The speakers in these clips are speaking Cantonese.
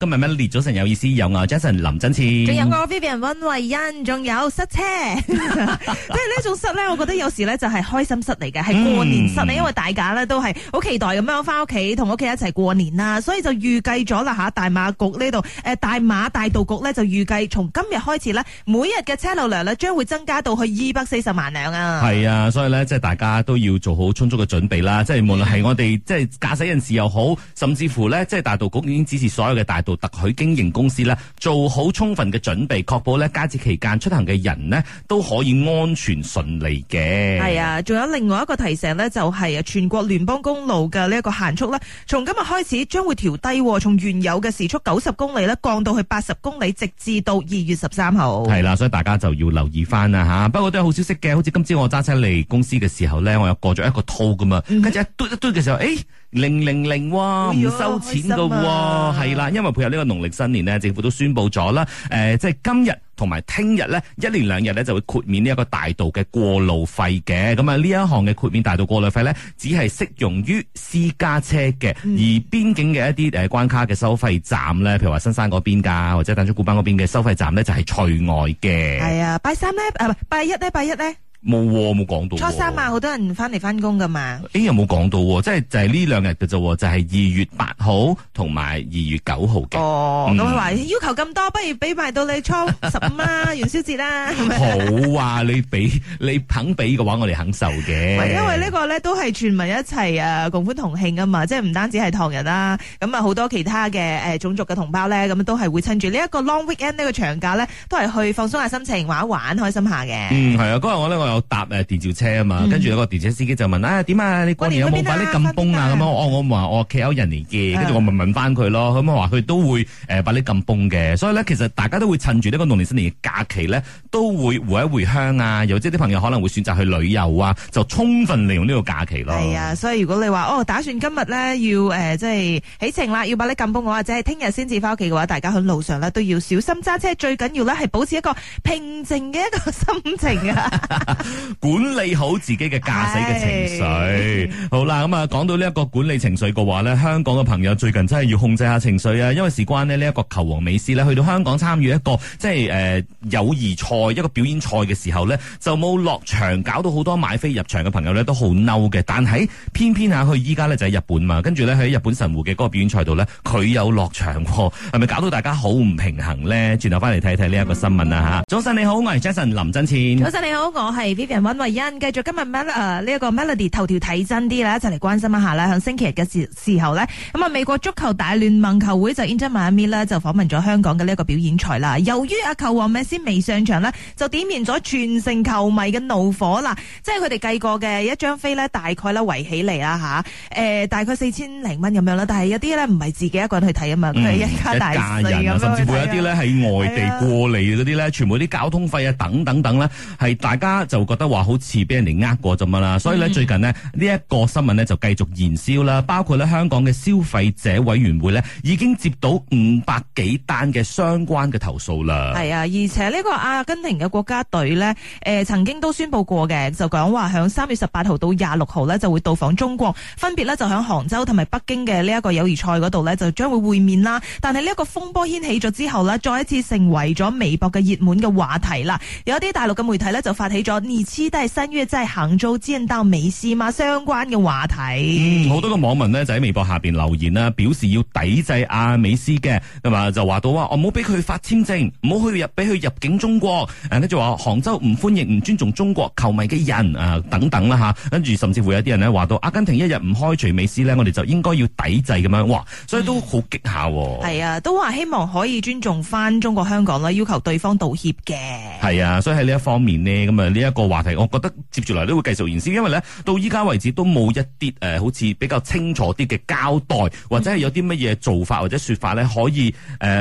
今日乜列早晨有意思？有啊 Jason 林振千，仲有我 Vivian 溫慧欣，仲有塞車。即係呢種塞咧，我覺得有時咧就係開心塞嚟嘅，係過年塞、嗯。因為大家咧都係好期待咁樣翻屋企同屋企一齊過年啦，所以就預計咗啦吓。大馬局呢度誒，大馬大道局咧就預計從今日開始咧，每日嘅車流量咧將會增加到去二百四十萬輛啊。係啊，所以咧即係大家都要做好充足嘅準備啦。即係無論係我哋即係駕駛人士又好，甚至乎咧即係大道局已經指示所有嘅大做特許經營公司咧，做好充分嘅準備，確保咧佳節期間出行嘅人咧都可以安全順利嘅。係啊，仲有另外一個提醒呢，就係、是、啊全國聯邦公路嘅呢一個限速呢，從今日開始將會調低，從原有嘅時速九十公里呢降到去八十公里，直至到二月十三號。係啦、啊，所以大家就要留意翻啦吓。不過都係好消息嘅，好似今朝我揸車嚟公司嘅時候呢，我又過咗一個套㗎嘛，跟住一堆一堆嘅時候，誒、嗯。哎零零零唔收錢噶喎，係、啊、啦，因為配合呢個農曆新年呢，政府都宣布咗啦，誒、呃，即、就、係、是、今日同埋聽日呢，一連兩日呢就會豁免呢一個大道嘅過路費嘅，咁啊呢一項嘅豁免大道過路費呢，只係適用於私家車嘅、嗯，而邊境嘅一啲誒關卡嘅收費站呢，譬如話新山嗰邊噶，或者淡出古班嗰邊嘅收費站呢，就係、是、除外嘅。係、哎、啊，拜三呢？誒拜一呢？拜一呢？冇冇講到、啊，初三晚嘛啊，好多人翻嚟翻工噶嘛。哎又冇講到，即係就係呢兩日嘅啫，就係、是、二、就是、二月八號同埋二月九號嘅。哦，咁佢話要求咁多，不如俾埋到你初十五啦、啊、 元宵節啦。好啊， 你俾你肯俾嘅話，我哋肯受嘅。因為個呢個咧都係全民一齊啊，共歡同慶啊嘛，即係唔單止係唐人啦、啊，咁啊好多其他嘅誒、呃、種族嘅同胞咧，咁都係會趁住呢一個 long weekend 個場呢個長假咧，都係去放鬆下心情，玩一玩，開心下嘅。嗯，係啊，嗰日我我。 搭誒電召車啊嘛，跟住有個電車司機就問：「啊，點啊？你過年有冇把啲禁崩、嗯嗯、 啊？咁、嗯、樣、哦，我我咪話我屋企有人嚟嘅，跟住我咪問翻佢咯。咁我話佢都會誒把啲禁崩嘅，所以咧其實大家都會趁住呢個農年新年嘅假期咧，都會回一回鄉啊，有即啲朋友可能會選擇去旅遊啊，就充分利用呢個假期咯。係啊，所以如果你話哦，打算今日咧要誒即係起程啦，要把啲禁崩嘅，或者係聽日先至翻屋企嘅話，大家喺路上咧都要小心揸車，最緊要咧係保持一個平靜嘅一個心情啊。 管理好自己嘅駕駛嘅情緒，好啦，咁啊，講到呢一個管理情緒嘅話呢，香港嘅朋友最近真係要控制下情緒啊，因為事關呢，呢、呢、一個球王美斯呢，去到香港參與一個即係誒、呃、友誼賽一個表演賽嘅時候呢，就冇落場，搞到好多買飛入場嘅朋友呢都好嬲嘅。但係偏偏啊，佢依家呢就喺日本嘛，跟住呢喺日本神戶嘅嗰個表演賽度呢，佢有落場，係咪搞到大家好唔平衡呢？轉頭翻嚟睇睇呢一個新聞啊吓，早晨你好，我係 Jason 林振錢。早晨你好，我係。Vivian 溫慧欣，繼續今日呢一個 melody 頭條睇真啲啦，一齊嚟關心一下啦。響星期日嘅時時候咧，咁啊美國足球大聯盟球會就 Inter Miami 就訪問咗香港嘅呢一個表演賽啦。由於阿球王 Messi 未上場咧，就點燃咗全城球迷嘅怒火啦。即係佢哋計過嘅一張飛咧，大概咧圍起嚟啦嚇，誒、啊呃、大概四千零蚊咁樣啦。但係有啲咧唔係自己一個人去睇啊嘛，佢、嗯、一家大一家人啊，甚至乎有啲咧係外地過嚟嗰啲咧，全部啲交通費啊等等等咧，係大家就。就覺得話好似俾人哋呃過咁樣啦，所以呢，最近呢，呢一個新聞呢就繼續燃燒啦，包括呢香港嘅消費者委員會呢已經接到五百幾單嘅相關嘅投訴啦。係啊，而且呢個阿根廷嘅國家隊呢，誒、呃、曾經都宣布過嘅，就講話響三月十八號到廿六號呢就會到訪中國，分別呢就響杭州同埋北京嘅呢一個友誼賽嗰度呢就將會會面啦。但係呢一個風波掀起咗之後呢，再一次成為咗微博嘅熱門嘅話題啦。有啲大陸嘅媒體呢就發起咗。你期待三月在杭州見到美斯嘛，相關嘅話題，好、嗯、多嘅網民呢就喺微博下邊留言啦，表示要抵制阿、啊、美斯嘅，咁啊就話到啊，我唔好俾佢發簽證，唔好去入，俾佢入境中國，跟住話杭州唔歡迎唔尊重中國球迷嘅人啊，等等啦吓，跟、啊、住甚至乎有啲人呢話到，阿根廷一日唔開除美斯呢，我哋就應該要抵制咁樣，哇，所以都好激下，係、嗯、啊，都話希望可以尊重翻中國香港啦，要求對方道歉嘅，係啊，所以喺呢一方面咧，咁啊呢一。這個話題，我覺得接住嚟都會繼續延伸，因為呢，到依家為止都冇一啲誒、呃，好似比較清楚啲嘅交代，或者係有啲乜嘢做法或者說法呢，可以誒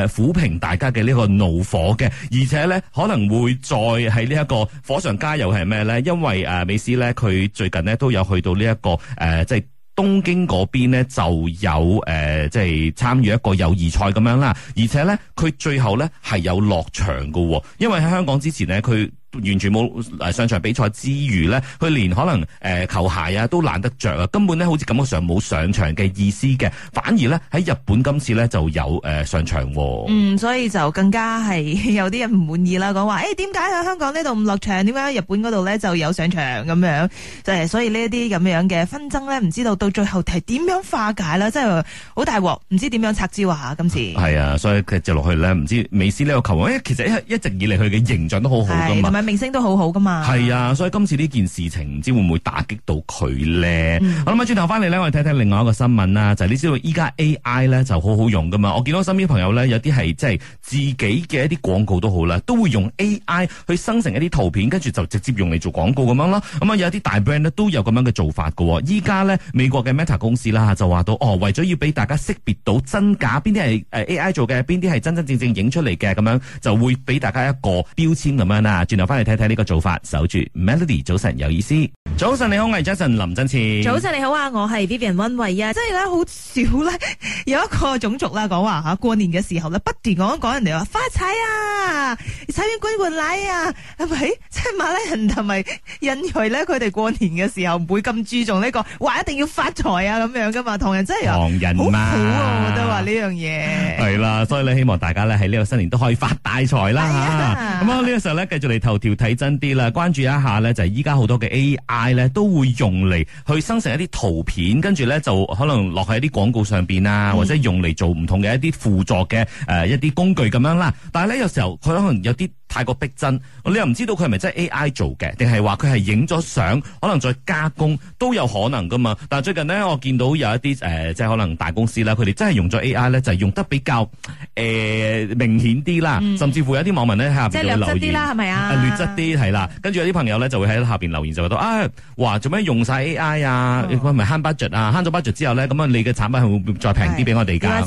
撫、呃、平大家嘅呢個怒火嘅。而且呢，可能會再喺呢一個火上加油係咩呢？因為誒、呃、美斯呢，佢最近呢都有去到呢、這、一個誒，即、呃、係、就是、東京嗰邊呢，就有誒，即、呃、係、就是、參與一個友誼賽咁樣啦。而且呢，佢最後呢係有落場噶，因為喺香港之前呢，佢。完全冇上場比賽之餘呢，佢連可能誒、呃、球鞋啊都懶得着，啊，根本呢好似感覺上冇上場嘅意思嘅，反而呢，喺日本今次呢就有上場喎。嗯，所以就更加係有啲人唔滿意啦，講話誒，點解喺香港呢度唔落場，點解喺日本嗰度呢就有上場咁樣？就係所以呢一啲咁樣嘅紛爭呢，唔知道到最後係點樣化解啦？真係好大鑊，唔知點樣拆招下、啊、今次。係啊，所以佢就落去呢。唔知美斯呢個球王，其實一直以嚟佢嘅形象都好好、啊明星都好好噶嘛，係啊，所以今次呢件事情唔知會唔會打擊到佢咧、嗯？好啦，咁轉頭翻嚟咧，我哋睇睇另外一個新聞啦，就係、你知道依家 A I 咧，就好好用噶嘛，我見到身邊朋友咧，有啲係即係自己嘅一啲廣告都好啦，都會用 A I 去生成一啲圖片，跟住就直接用嚟做廣告咁樣咯。咁啊，有啲大 brand 咧，都有咁樣嘅做法噶。依家咧，美國嘅 Meta 公司啦，就話到哦，為咗要俾大家識別到真假，邊啲係誒 A I 做嘅，邊啲係真真正正影出嚟嘅，咁樣就會俾大家一個標籤咁樣啦。翻嚟睇睇呢個做法，守住 Melody。早晨有意思，早晨你好，我係 Jason 林振慈。早晨你好啊，我係 Vivian 溫慧啊。即係咧，好少咧有一個種族啦講話嚇過年嘅時候咧不斷講講人哋話發財啊，踩邊罐罐奶啊，係咪？即係馬來人同埋印裔咧，佢哋過年嘅時候唔會咁注重呢個，話一定要發財啊咁樣噶嘛。唐人真係唐人好苦啊，我都話呢樣嘢。係啦，所以咧希望大家咧喺呢個新年都可以發大財啦嚇。咁啊呢個時候咧繼續嚟投條睇真啲啦，關注一下咧，就係依家好多嘅 AI 咧都會用嚟去生成一啲圖片，跟住咧就可能落喺一啲廣告上邊啊、嗯，或者用嚟做唔同嘅一啲輔助嘅誒一啲工具咁樣啦。但係咧有時候佢可能有啲。太過逼真，你又唔知道佢係咪真係 A I 做嘅，定係話佢係影咗相，可能再加工都有可能噶嘛。但係最近呢，我見到有一啲誒、呃，即係可能大公司啦，佢哋真係用咗 A I 咧，就用得比較誒、呃、明顯啲啦。甚至乎有啲網民咧喺下邊、嗯、留言。即係劣質啲啦，係咪啊？劣質啲係啦。跟住、啊、有啲朋友咧就會喺下邊留言，就話到啊，哇，做咩用晒 A I 啊？係咪慳 budget 啊？慳咗 budget 之後呢，咁樣你嘅產品會唔會再平啲俾我哋噶、啊。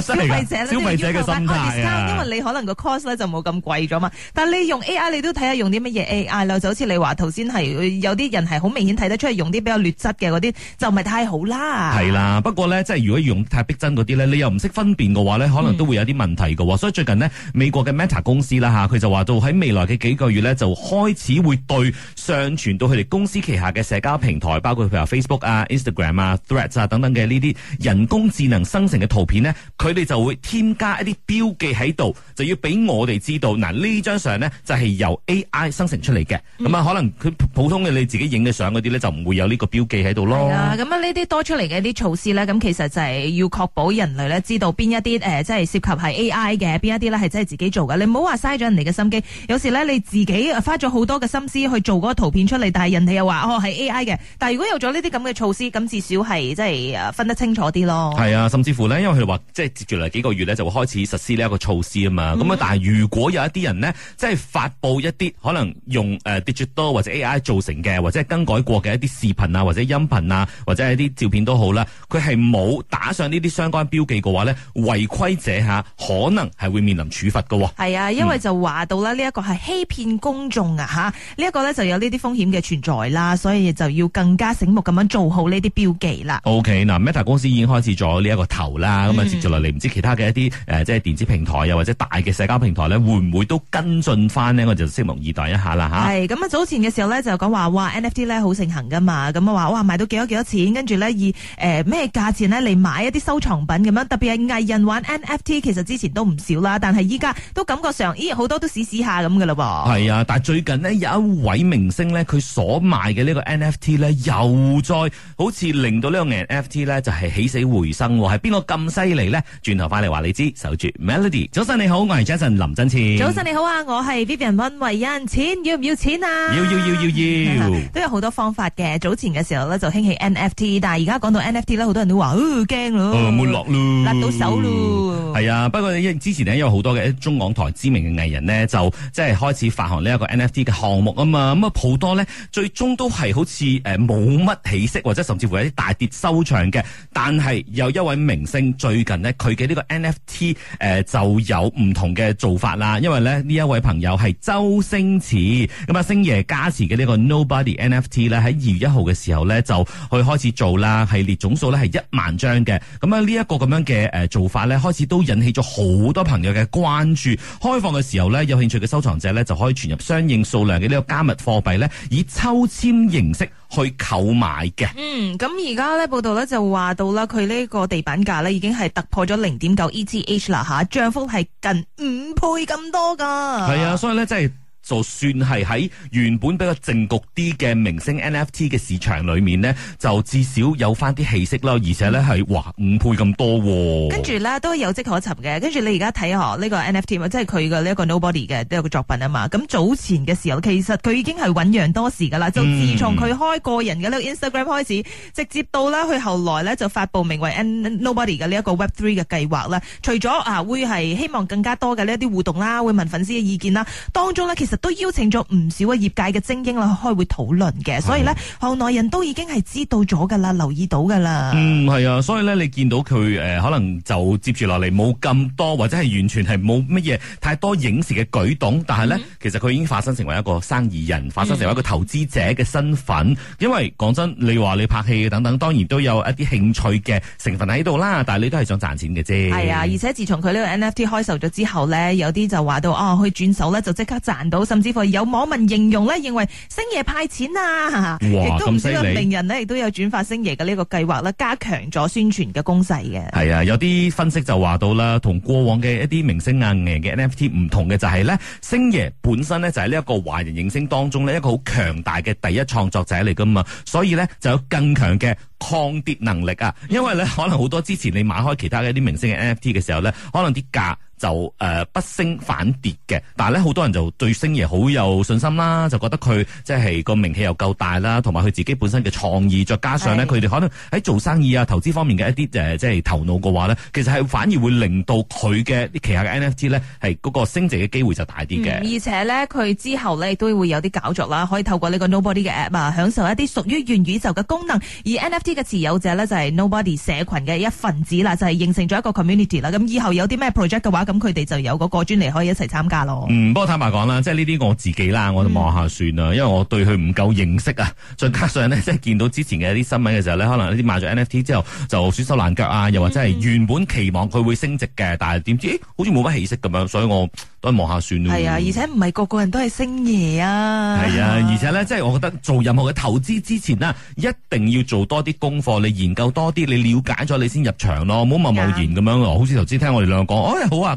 消費者消費者嘅心態、啊、因為你可能個 cost 咧就冇咁貴。咗嘛？但係你用 AI 你都睇下用啲乜嘢 AI 啦，就好似你話頭先係有啲人係好明顯睇得出係用啲比較劣質嘅嗰啲，就唔係太好啦。係啦，不過咧，即係如果用太逼真嗰啲咧，你又唔識分辨嘅話咧，可能都會有啲問題嘅、嗯。所以最近咧，美國嘅 Meta 公司啦吓，佢就話到喺未來嘅幾個月咧，就開始會對上傳到佢哋公司旗下嘅社交平台，包括譬如話 Facebook 啊、Instagram 啊、Threads 啊等等嘅呢啲人工智能生成嘅圖片咧，佢哋就會添加一啲標記喺度，就要俾我哋知道呢張相呢，就係由 AI 生成出嚟嘅，咁、嗯、啊，可能佢普通嘅你自己影嘅相嗰啲呢，就唔會有呢個標記喺度咯。係啊，咁啊呢啲多出嚟嘅啲措施呢，咁其實就係要確保人類呢，知道邊一啲誒，即係涉及係 AI 嘅邊一啲呢係真係自己做嘅。你唔好話嘥咗人哋嘅心機，有時呢，你自己花咗好多嘅心思去做嗰個圖片出嚟，但係人哋又話哦係 AI 嘅。但係如果有咗呢啲咁嘅措施，咁至少係即係分得清楚啲咯。係啊，甚至乎呢，因為佢哋話即係接住嚟幾個月呢，就會開始實施呢一個措施啊嘛。咁、嗯、啊，但係如果有一啲人呢，即係發佈一啲可能用誒 Digital 或者 AI 做成嘅，或者更改過嘅一啲視頻啊，或者音頻啊，或者係一啲照片都好啦，佢係冇打上呢啲相關標記嘅話呢，違規者吓可能係會面臨處罰嘅。係啊，因為就話到啦，呢、嗯、一、這個係欺騙公眾啊吓，呢、這、一個咧就有呢啲風險嘅存在啦、啊，所以就要更加醒目咁樣做好呢啲標記啦。OK，嗱，Meta 公司已經開始咗呢一個頭啦，咁、嗯、啊接住落嚟唔知道其他嘅一啲誒，即係電子平台又、啊、或者大嘅社交平台咧、啊，會唔會？都跟進翻呢，我就拭目以待一下啦。係咁啊，早前嘅時候咧就講話哇 NFT 咧好盛行噶嘛，咁啊話哇賣到幾多幾多錢，跟住咧以誒咩、呃、價錢咧嚟買一啲收藏品咁樣，特別係藝人玩 NFT 其實之前都唔少啦，但係依家都感覺上咦好多都試試下咁嘅嘞噃。係啊，但最近呢，有一位明星咧，佢所賣嘅呢個 NFT 咧又再好似令到呢個 NFT 咧就係起死回生，係邊個咁犀利咧？轉頭翻嚟話你知，守住 Melody，早晨你好，我係 Jason 林振前。你好啊，我係 Vivian 溫慧欣，錢要唔要錢啊？要要要要要，都有好多方法嘅。早前嘅時候咧就興起 NFT，但係而家講到 NFT 咧，好多人都話驚咯，冇、哦哦、落咯，落到手咯。係啊，不過之前咧有好多嘅中港台知名嘅藝人咧，就即係開始發行呢一個 NFT 嘅項目啊嘛。咁啊，好多咧最終都係好似誒冇乜起色，或者甚至乎有啲大跌收場嘅。但係有一位明星最近咧，佢嘅呢個 NFT 誒就有唔同嘅做法啦，因為咧。呢一位朋友係周星馳，咁啊星爺加持嘅呢個 Nobody NFT 咧，喺二月一號嘅時候咧就去開始做啦，系列總數咧係一萬張嘅，咁啊呢一個咁樣嘅誒做法咧，開始都引起咗好多朋友嘅關注。開放嘅時候咧，有興趣嘅收藏者咧就可以存入相應數量嘅呢個加密貨幣咧，以抽籤形式，去購買嘅，嗯，咁而家咧報道咧就話到啦，佢呢個地板價咧已經係突破咗零點九 ETH 啦吓，漲幅係近五倍咁多噶，係啊，所以咧即係。就算係喺原本比較靜局啲嘅明星 NFT 嘅市場裏面咧，就至少有翻啲氣息啦，而且咧係話五倍咁多。跟住咧都有迹可尋嘅。跟住你而家睇下呢個 NFT 即係佢嘅呢一個 Nobody 嘅呢個作品啊嘛。咁早前嘅時候其實佢已經係醞釀多時噶啦。就自從佢開個人嘅呢個 Instagram 開始，嗯、直接到啦佢後來咧就發布名為 n Nobody 嘅呢一個 Web Three 嘅計劃啦。除咗啊會係希望更加多嘅呢一啲互動啦，會問粉絲嘅意見啦，當中咧其實其實都邀請咗唔少嘅業界嘅精英啦，開會討論嘅，所以呢，行內人都已經係知道咗噶啦，留意到噶啦。嗯，係啊，所以呢，你見到佢誒，可能就接住落嚟冇咁多，或者係完全係冇乜嘢太多影視嘅舉動，但係呢、嗯，其實佢已經化身成為一個生意人，化身成為一個投資者嘅身份、嗯。因為講真，你話你拍戲等等，當然都有一啲興趣嘅成分喺度啦，但係你都係想賺錢嘅啫。係啊，而且自從佢呢個 NFT 開售咗之後呢，有啲就話到哦，可以轉手呢，就即刻賺到。甚至乎有網民形容咧，認為星爺派錢啊，亦都唔需要名人呢，亦都有轉發星爺嘅呢個計劃啦，加強咗宣傳嘅攻勢嘅。係啊，有啲分析就話到啦，同過往嘅一啲明星啊、名人嘅 NFT 唔同嘅就係呢。星爺本身呢，就係呢一個華人影星當中呢一個好強大嘅第一創作者嚟噶嘛，所以呢就有更強嘅抗跌能力啊。因為呢，可能好多之前你買開其他嘅一啲明星嘅 NFT 嘅時候呢，可能啲價。就誒不升反跌嘅，但係咧好多人就對星爺好有信心啦，就覺得佢即係個名氣又夠大啦，同埋佢自己本身嘅創意，再加上呢佢哋可能喺做生意啊、投資方面嘅一啲誒即係頭腦嘅話呢，其實係反而會令到佢嘅旗下嘅 NFT 呢係嗰個升值嘅機會就大啲嘅，嗯。而且呢佢之後呢亦都會有啲搞作啦，可以透過呢個 Nobody 嘅 app 啊，享受一啲屬於元宇宙嘅功能。而 NFT 嘅持有者呢就係、是、Nobody 社群嘅一份子啦，就係、是、形成咗一個 community 啦。咁以後有啲咩 project 嘅話。咁佢哋就有嗰個專利可以一齊參加咯。嗯，不過坦白講啦，即係呢啲我自己啦，我就望下算啦、嗯，因為我對佢唔夠認識啊。再加上咧、嗯，即係見到之前嘅一啲新聞嘅時候咧，可能呢啲買咗 NFT 之後就損手爛腳啊，又或者係原本期望佢會升值嘅、嗯，但係點知好似冇乜氣息咁樣，所以我都係望下算咯。係啊，而且唔係個個人都係星爺啊。係啊,啊，而且咧，即係我覺得做任何嘅投資之前啦，一定要做多啲功課，你研究多啲，你了解咗你先入場咯，唔好貿貿然咁樣。好似頭先聽我哋兩個講、哎，好啊。